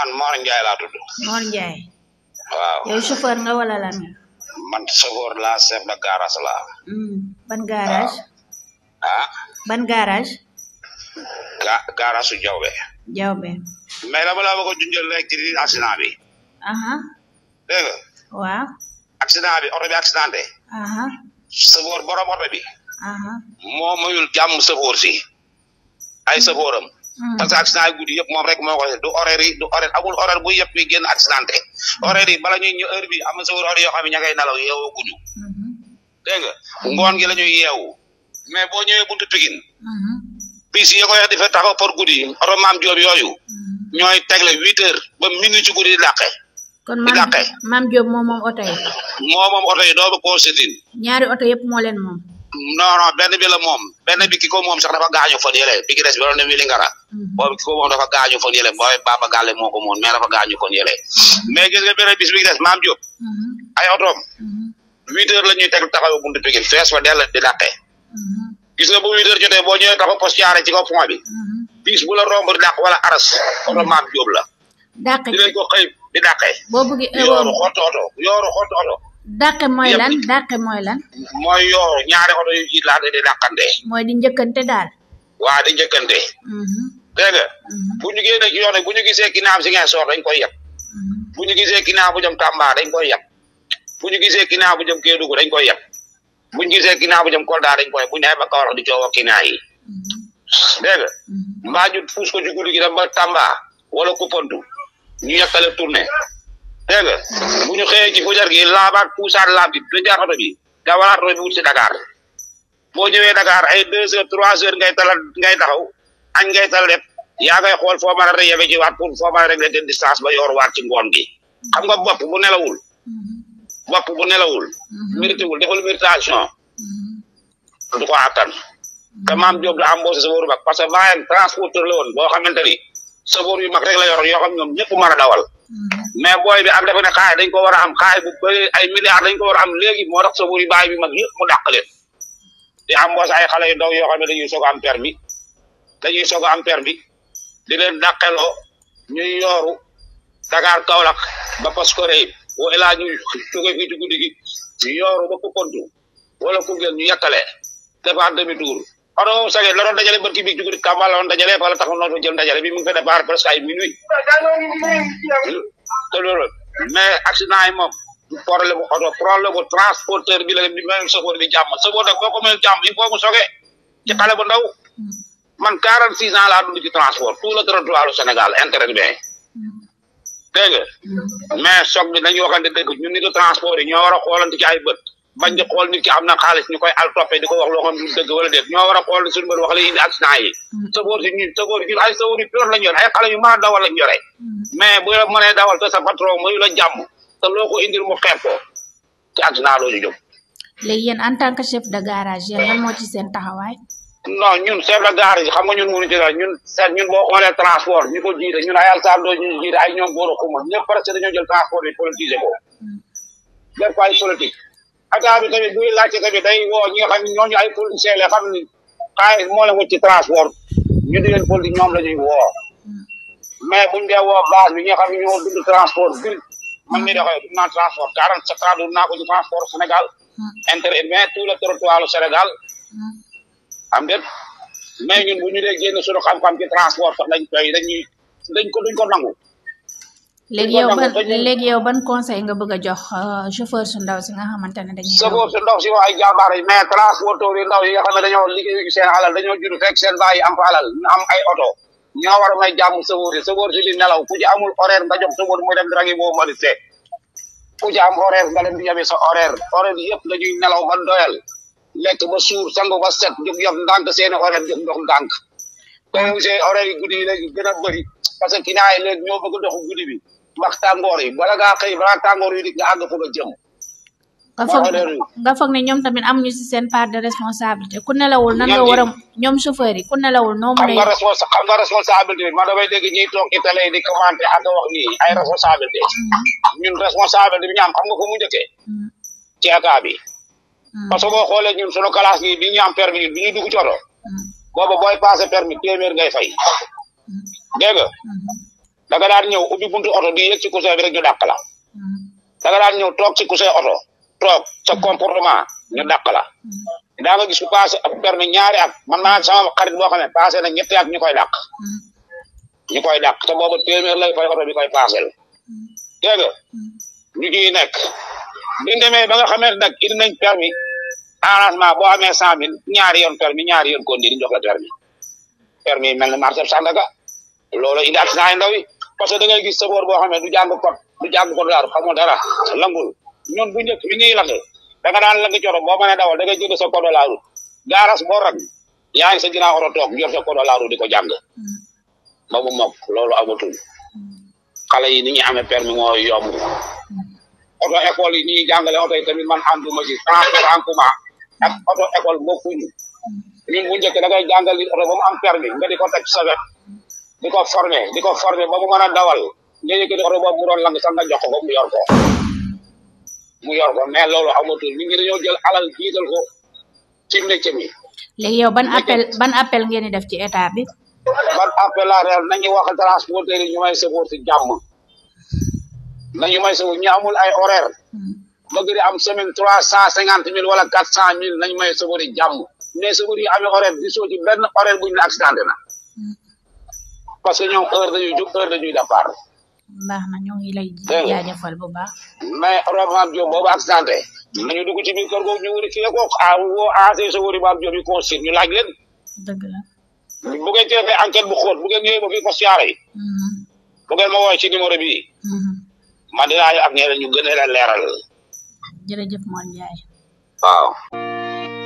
man Mor Ndiaye laa tudd. Mor Ndiaye. waaw yow chauffeur nga wala lan nga. man chauffeur la chef de garage la. Hmm, ban garage. ah. ban garage. ga garage su Diawbe. Diawbe. mais dama la bëgg a junjee rek ci accident bi. dégg nga. waaw. accident bi oto bi accidenté. chauffeur borom oto bi. moo mayul jàmm chauffeur si ay chauffeuram. parce que accident yi guddi yëpp moom rek moo ko du horaire yi du horaire amul horaire bu yëpp bi génn accidenté hmm. horaire yi bala ñuy ñu bi am na sa horaire yoo xam ne ña ngay nalaw yeewoo guñu hmm. dégg ngoon gi la ñuy yeewu mais boo ñëwee buntu Pikine hmm. bis yi ko di fa taxaw pour guddi yi maam Diop yooyu ñooy tegle huit ba minuit ci guddi di dàqe kon maam Diop moom oto yi moom oto yi doo ba koo séddin ñaari oto yëpp moo moom non non benn bi moom benn bi ki moom sax dafa gaañu fan yële bi ki des bi doon dem Vélingara mhm. boobu ki ko moom dafa gaañu fan yële booy Baba Galle moo ko moon mais dafa gaañu fan yële mhm. mais gis nga bis bi des maam Diop mhm. ay otoom huit la ñuy teg taxaw buntu Pikine fees fa dell di dàqee gis nga bu huit heures jotee boo ñëwee taxaw poste yaare ci kaw point bi bis bu la romb di dàq wala aras oto maam Diop la dàqee di leen ko xëy di dàqee yooru euh, xott oto yooru xott dàqe mooy lan dàqe mooy lan. mooy yoo ñaari oto yu jiit laa di dàqante. mooy di njëkkante daal. waa di njëkkante. Mm-hmm. dégg nga. Mm-hmm. ñu génnee yoon bu ñu gisee ginnaaw si ngeen dañ koy yab. bu ñu gisee ginnaaw bu jëm tàmba dañ koy yab. bu ñu gisee ginnaaw bu jëm Kédougou dañ koy yab. bu gisee ginnaaw bu jëm Kolda dañ koy bu ñu ba Kaolack di coowoo ginnaaw yi. Mm-hmm. dégg nga. mbaa ko ci gi dem ba Tamba wala Koupantou ñu yàqale tournée. dégg nga bu ñu xëyee ci fajar gi laabaat puusaat laab bi ba jaar oto bi dawalaat oto bi wut si Dakar boo ñëwee Dakar ay deux heures trois heures ngay talal ngay taxaw añ ngay tal lépp yaa ngay xool foo mën a yebe ci waat pour foo mën a régler te distance ba yor waat ci ngoon gi xam nga bopp bu nelawul bopp bu nelawul méritewul deful méritation du ko attan te maam Diop da embauché safoor bu mag parce que baayam transporteur la woon boo xamante ni safoor yu mag rek la yor yoo xam ñoom ñëpp mën a dawal Mm-hmm. mais booy bi am dafa ne xaay dañ ko war a am xaay bu bëri ay milliards dañ ko war a am léegi moo tax saburi baay bi mag yëpp mu dàq leen di am mboos ay xale yu ndaw yoo xam ne dañuy soog a am permis dañuy soog a am permis di leen dàqeloo ñuy yooru Dakar Kaolack ba Paskore wa ilaa ñuy jóge fii ci guddi ñu yooru ba Koupentoum wala Koungheul ñu yàqalee defaat demi tour xanaa moom sañoon la doon dajale barki bi dugub kàmba la doon dajale fa la taxul noonu jël dajale bi mu ngi fa départ ay minuit mais accident yi moom du problème transporteur bi la di même chauffeur soge ci xale bu ndaw man 46 ans laa dund ci transport tout le territoire Sénégal internet bien dégg mm. mais soog bi nañu waxante dëgg ñun ni transport yi ñoo war a bët. bañ di xool nit ki am na xaalis ñu koy al toppee di ko wax loo xam ne dëgg wala déet ñoo war a xool suñu mbër wax la indi accident yi mm. saboor si ñun saboor si ay saboor pilote lañ yore ay xale a dawal mm. la mënee dawal loo ko indil mu xeeb ko ci loo ñu jóg léegi yéen ñun chef de garage xam nga ñun mënu ci dara ñun seet ñun boo ñu ko ay ñu jiite ay ñoom góor a xuma ñëpp parce que dañoo jël transport bi politisé ko mm. def ko ay politique état bi tamit buy laajte tamit day woo ñi xam ne ñooñu ay politiciens la xam ne xaalis moo leen ci transport ñu di leen politique ñoom la ñuy woo mais buñ dee woo base bi ñi nga xam ne ñoo dund transport bi man mii da koy dund naa transport quarante sept ans naa ko ci transport Sénégal hmm. interurbain tout le territoire du Sénégal hmm. am déet mais ñun bu ñu dee génn suñu xam-xam ci transport sax dañ koy dañ ko duñ ko nangu léegi yow ban léegi yow conseil nga bëgg a jox euh, chauffeur su ndaw si nga xamante ne dañuy. chauffeur si wax ay jàmbaar yi mais transporteur yi ndaw xam ne dañoo liggéey seen alal dañoo judd fekk seen baay yi am fa alal am ay oto ñoo war a may jàmm chauffeur yi chauffeur si di nelaw ku ci amul horaire nga jox chauffeur muy dem di bi boo ku ci am nga leen di yemee sa horaire horaire yëpp dañuy nelaw ba doyal lekk ba suur sangu ba set jóg yof ndànk seeni horaire jóg ndox ndànk. tey aussi horaire que kii naa yi léegi wax tàngoor yi bala ngaa xëy balaa tàngoor yi di nga àgg fa nga jëm. nga foog nga foog ne ñoom tamit amuñu si seen part de responsabilité ku nelawul nan nga a ñoom chauffeur yi ku nelawul noo a. xam nga responsabilité bi man damay dégg ñiy toog ci télé di commenté ak mm. xam nga ko mu njëkkee. Mm. ci bi. Mm. parce que boo xoolee ñun sunu classe gi bi ñu am permis bi ñu dugg ci oto. boobu booy passé permis téeméer ngay fay dégg da nga daan ñëw ubbi buntu oto di yëg ci coussin bi rek ñu dàq la mm-hmm. da nga daan ñëw toog ci coussin oto toog sa comportement ñu dàq la mm-hmm. daa nga gis ku passé ak permis ñaari at man maa sama xarit boo xam ne passé na ñetti at ñu koy dàq mm-hmm. ñu koy dàq te boobu téeméer lay fay oto bi koy passé la dégg ñu ciy nekk biñ demee ba nga xamante nag indi nañ permis arrangement boo amee cent mille ñaari yoon permis ñaari yoon conduite ñu jox la permis permis mel na marché Sandaga loolu indi accident yi ndaw parce que da ngay gis safoor boo xam ne du jàng code du jàng code daal xamoo dara langul ñun bu njëkk bi ñuy lange da nga daan lang coro boo mënee dawal da ngay jënd sa code laaru gaaras boo rag yaa ngi sa ginnaaw toog yor sa code laaru di ko jàng mm. ba mu mokk loolu amatul xale yi ni ñuy amee permis moo yomb mm. oto école yi ñuy jàngale oto yi tamit man ànduma ci transport en commun ak oto école bokkuñu mm. ñun bu njëkk da ngay jàngal nit ba mu am permis nga di ko teg di ko former di ko former ba mu man a dawal léegi ki oto boobu mu doon lang sax nga jox ko mu yor ko mu yor ko mais loolu amatul nit ñi ñoo jël alal jiital ko ci métier mi. léegi yow ban appel ban appel ngeen def ci état bi. ban appel laa reer nañu wax transporteurs yi ñu may sëboor si jàmm nañu may sëboor ñu amul ay horaire hmm. bëgg di am semaine trois cent cinquante mille wala quatre cent mille nañu may sëboor yi jàmm mais sëboor yi amee horaire di soo ci benn horaire buñ la accidenté na. Hmm. parce que ñoom heure dañuy jóg heure dañuy départ. baax na ñoo ngi lay jaajëfal bu baax. mais rob maam Diop boobu ak santé nañu dugg ci biir kër googu ñu wuri kii la ko ah wuri maam Diop yi consigne ñu laaj leen. dëgg la. bu ngeen defee enquête bu xóot bu ngeen ñëwee ba fii ko mm-hmm. bu ngeen ma woowee ci numéro bi man mm-hmm. dinaa ak ñeneen ñu gën a leeral. jërëjëf Mor Ndiaye. waaw.